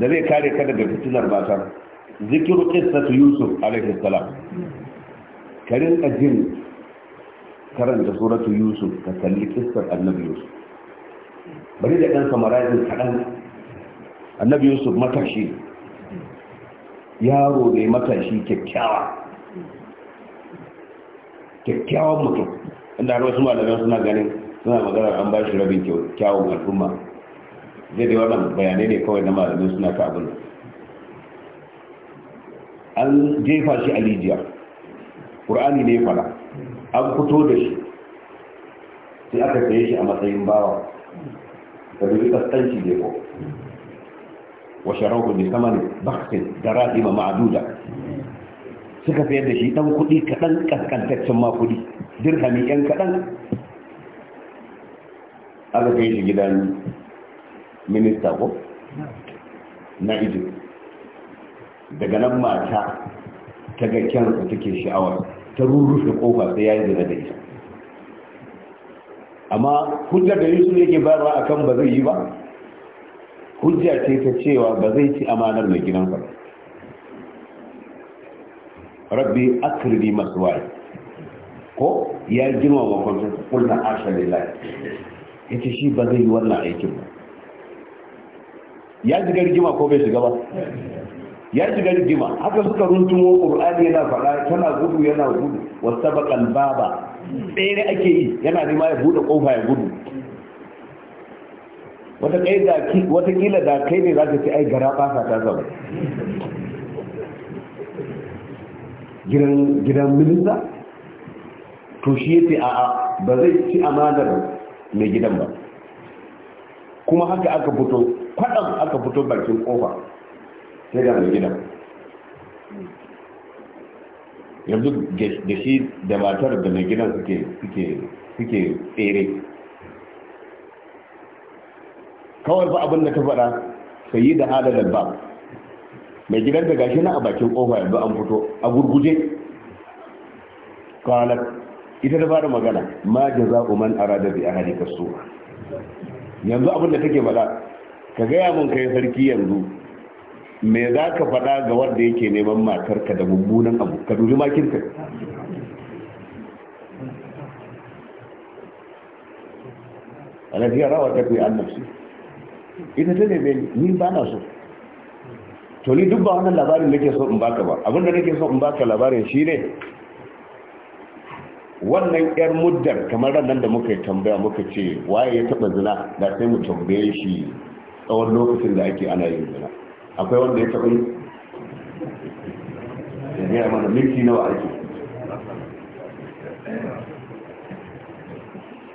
da zai kare ka daga fitinar matar zikiru kissatu yusuf alaihi salam karin ajin karanta suratu yusuf ka kalli kissar annabi yusuf bari da ɗan samarajin kaɗan annabi yusuf matashi yaro ne matashi kyakkyawa kyakkyawan mutum inda har wasu malamai suna ganin suna magana an ba shi rabin kyawun al'umma zai dai wannan bayanai ne kawai na malamai suna ta abin an jefa shi a rijiya ƙur'ani ne ya fara an fito da shi sai aka saye shi a matsayin bawa da dubi kaskanci ne ko wa sharahu bi samanin baksin darahima ma'duda suka sayar da shi dan kuɗi kaɗan kaskantaccen ma kuɗi dirhami yan kaɗan aka kai shi gidan minista ko na daga nan mata ta ga kyansa take sha'awar ta rurrufe kofa sai ya yi zina da ita amma hujjar da yusuf yake bayarwa kan ba zai yi ba hujja ce ta cewa ba zai ci amanar mai gidansa ba rabbi akirbi masu waye ko ya girma wa kwanciyar kulna asha lillahi ya ce shi ba zai yi wannan aikin ba ya ji rigima ko bai shiga ba ya shiga rigima haka suka runtumo ƙur'ani yana fara tana gudu yana gudu wasabaqa albaba ɗaya ake yi yana nema ya buɗe ƙofa ya gudu Wataƙila da kai ne ka ce ai gara fasa ta zaba gidan minista to shi a a'a ba zai ci amanar mai gidan ba kuma haka aka fito kwaɗan aka fito bakin ƙofa. sai da mai gidan yanzu da shi da matar da mai gidan suke suke tsere kawai ba abin da ta faɗa yi da halalar ba mai gidan da gashi na a bakin kofa yanzu an fito a gurguje kwanar ita da fara magana ma jaza umar da bi ahadi kasuwa yanzu abin da take faɗa ka gaya mun kai sarki yanzu me za ka faɗa ga wanda yake neman matarka da mummunan abu ka dubi makinka alafiya rawar ta kuyi annabci ita ta neme ni ba na so to ni duk ba wannan labarin nake so in baka ba abinda nake so in baka labarin shi ne, wannan yar muddar kamar ranar da muka tambaya muka ce waye ya taba zina da sai mu tambaye shi tsawon lokacin da ake ana yin zina akwai wanda ya taɓa yi ya gaya mana minti nawa ake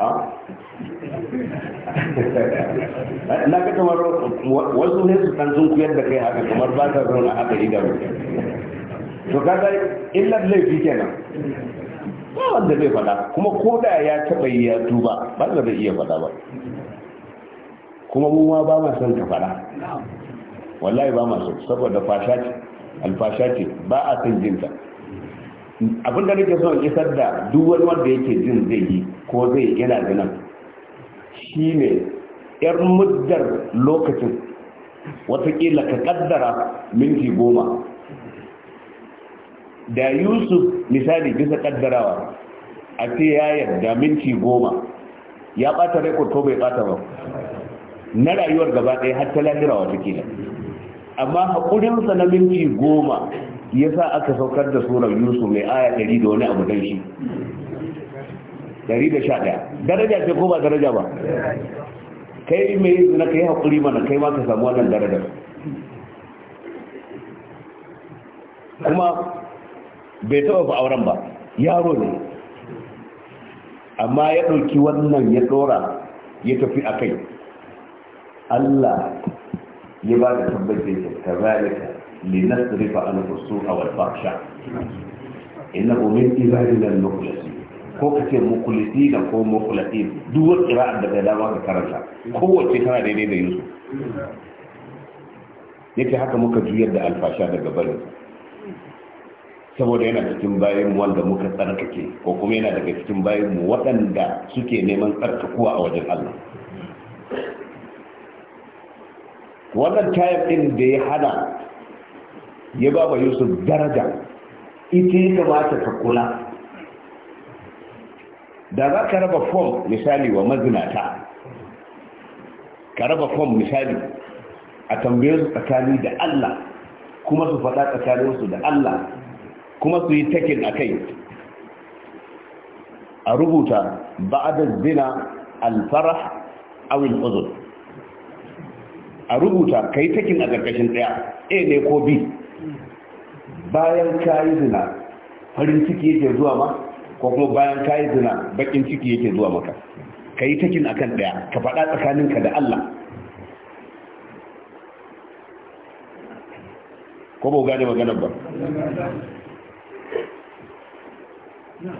na ga kamar wasu ne su kan sun kuyar da kai haka kamar ba ta zaune a haka idanu to ka kaga illar laifi kenan ba wanda zai fada kuma ko da ya taɓa yi ya tuba ba da zai iya fada ba kuma mu ma ba ma son ka fada wallahi ba masu saboda fasha ce alfasha ce ba a san jinta abin da nake son isar da duk wani wanda yake jin zai yi ko zai yana da shi shine yar muddar lokacin watakila ka kaddara minti goma da yusuf misali bisa kaddarawa a ce ya yarda minti goma ya bata rekord ko bai bata ba na rayuwar gaba ɗaya har ta lahira wata kila amma haƙurinsa na minti goma ya sa aka saukar da surar yusuf mai aya ɗari da wani abu don shi Ɗari da daraja ce ko ba daraja ba kai mai na zina ka haƙuri mana kai ma ka samu wannan darajar kuma bai taɓa fa auren ba yaro ne amma ya ɗauki wannan ya ɗora ya tafi a kai Allah ya ba da tabbaci da kazalika nasrifa al-fusuq wal fahsha inna min ibadina al-mukhlasin ko ka ce da ko duk wata kira'ar da kai dama ka karanta kowace tana daidai da yusuf yake haka muka juyar da alfasha daga barin saboda yana cikin bayan mu wanda muka tsarkake ko kuma yana daga cikin bayan mu waɗanda suke neman tsarkakuwa a wajen Allah wannan tayar ɗin da ya hada ya ba wa yusuf daraja ita ya kamata ka kula da za ka raba fom misali wa mazinata ka raba fom misali a tambaye su tsakani da allah kuma su faɗa tsakaninsu da allah kuma su yi takin a kai a rubuta ba'adar zina alfarah awil uzur a rubuta ka yi takin a ƙarƙashin ɗaya a ne ko b bayan ka yi zina farin ciki yake zuwa ma ko kuma bayan ka yi zina baƙin ciki yake zuwa maka ka yi takin a kan ɗaya ka faɗa tsakaninka da allah ko ba gane maganar ba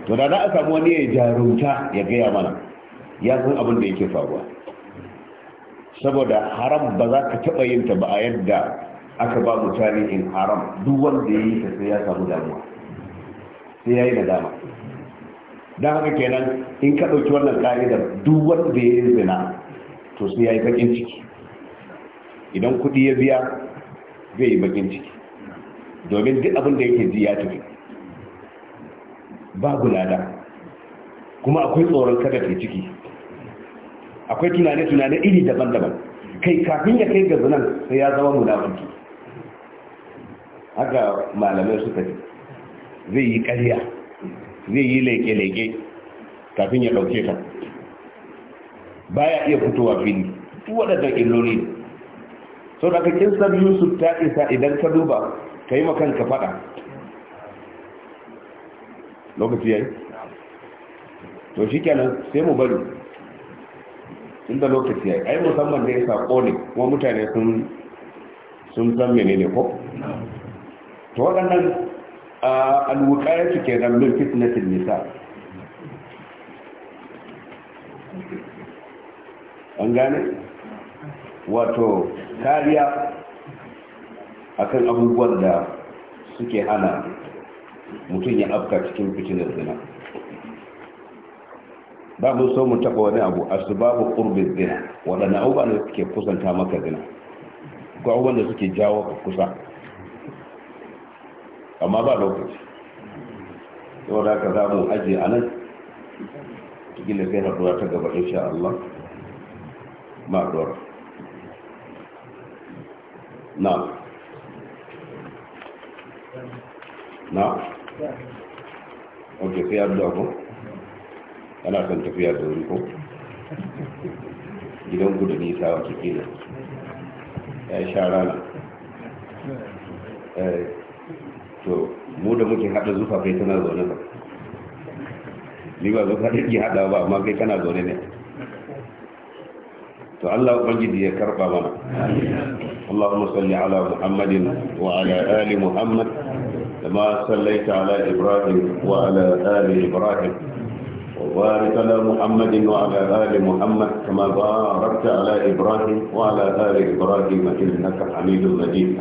to da za a samu wani ya jarumta ya gaya mana ya san abin da yake faruwa saboda haram ba za ka taɓa yin ta ba a yadda aka ba mu in haram duk wanda ya yi ta sai ya samu damuwa sai ya yi da dama don haka kenan in ka ɗauki wannan ƙa'idar duk wanda ya yi zina to sai ya yi baƙin ciki idan kuɗi ya biya zai yi baƙin ciki domin duk abin da yake ji ya tafi babu lada kuma akwai tsoron kada ta ciki akwai tunane-tunane iri daban-daban kai kafin ya kai ga zunan sai ya zama munafiki haka malamai suka ce zai yi ƙarya zai yi leƙe-leƙe kafin ya ɗauke ta Ba ya iya fitowa fili waɗannan illoli sau da kakin san yusuf ta isa idan ka duba ka yi makan ka faɗa lokaci yayi to shi kenan sai mu bari inda da lokaci ya ai musamman ya sako ne kuma mutane sun sun mene menene ko to waɗannan alwukaya su ke zan min nisa an gane wato kariya akan abubuwan da suke hana mutum ya afka cikin fitinar zina ba so mu taba wani abu asbabu qurbin zina wadannan abubuwan da suke kusanta maka zina ko abubuwan da suke jawo ka kusa amma ba lokaci yau da ka zamu mu ajiye a nan gina sai haɗuwa ta gaba insha Allah ma'aduwar na na ok sai haɗuwa ko ana son tafiya da wuri ko gidan ku da nisa wa kike ne ya sha rana eh, to mu da muke hada zufa kai tana zaune ba ni ba zo ka dake hada ba amma kai kana zaune ne to Allah ubangiji ya karba mana amin Allahumma salli ala Muhammadin wa ala ali Muhammad kama sallaita ala Ibrahim wa ala ali Ibrahim وبارك على محمد وعلى آل محمد ibrahim باركت على إبراهيم وعلى آل إبراهيم إنك حميد مجيد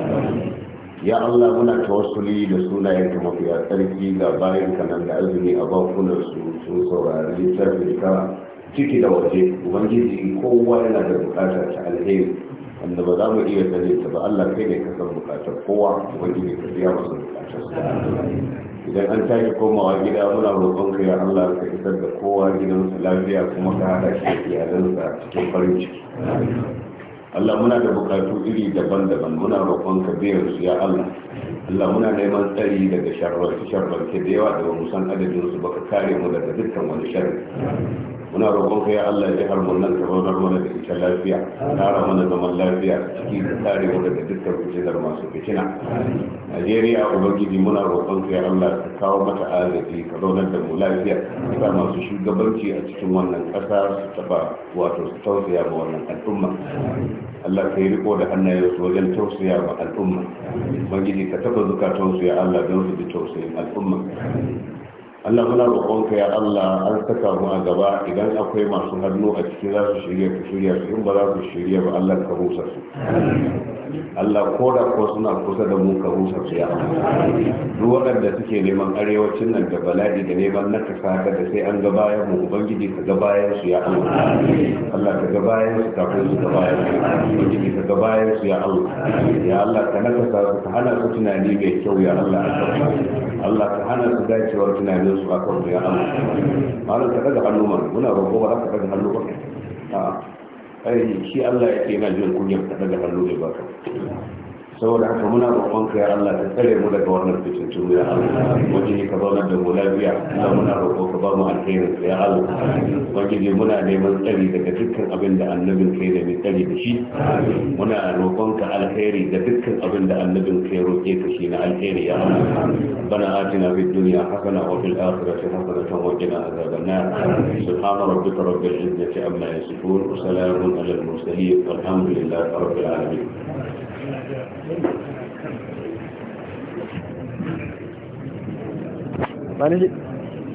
ya Allah muna tawassuli da sunayen ka mafiya tsarki ga bayan ka nan da azumi a bakunan su sun saurari littafin ka ciki da waje ubangiji kowa yana da bukatar ta alheri wanda ba za mu iya sani ta ba Allah kai ne ka san bukatar kowa ubangiji ka biya masa bukatar sa idan an tashi komawa gida muna roƙon ka ya Allah ka isar da kowa gidansa lafiya kuma ka haɗa shi da iyalansa cikin farin ciki Allah muna da bukatu iri daban-daban muna roƙon ka biyan su ya Allah Allah muna neman tsari daga sharrarki sharrarki da yawa da ba mu san adadin su baka kare mu daga dukkan wani sharri muna roƙon ka ya Allah ya har mun nan ka zaunar mana da ita lafiya tara mana zaman lafiya ciki da tare mu daga dukkan fitinar masu fitina Najeriya ubangiji muna roƙon ka ya Allah ka kawo mata azabi ka zaunar da mu lafiya ka masu shugabanci a cikin wannan ƙasa su taba wato tausaya ma wannan al'umma Allah ka yi riko da hannayen su wajen tausaya ma al'umma ubangiji ka taba zukatansu tausaya Allah don su bi tausayin al'umma Allah muna roƙonka ya Allah an saka mu a gaba idan akwai masu hannu a cikin za su shirya su shirya su in ba za su shirya ba Allah ka rusa su Allah ko da ko suna kusa da mu ka rusa su ya duk waɗanda suke neman arewacin nan da bala'i da neman na ka saka da sai an ga ya mu ubangiji ka gaba ya su ya Allah Allah ka gaba ya su kafin su gaba ya su ubangiji ka gaba ya su ya Allah ya Allah ka nakasa su ka hana su tunani mai kyau ya Allah Allah ka hana su dacewar tunani wajen su baka wanda ya hana malam ka daga hannu mana muna roƙo ba za ka daga hannu ba a ai shi Allah ya ke yana jin kunya ka daga hannu ne ba ka saboda haka muna roƙonka ya Allah ka tsare mu daga wannan fitattun ya Allah wajen ka zaunar da mu lafiya Allah muna roƙo ka ba mu alkhairin ya Allah wajen muna neman tsari daga dukkan abin da annabin kai da mai tsari da shi muna roƙonka alkhairi da dukkan abin da annabin kai roƙe ka shi na alkhairi ya Allah bana atina fid dunya hasana wa fil akhirati hasanatan wa qina adhaban nar subhana rabbika rabbil izzati amma yasifun wa salamun alal mursalin والحمد لله رب العالمين ba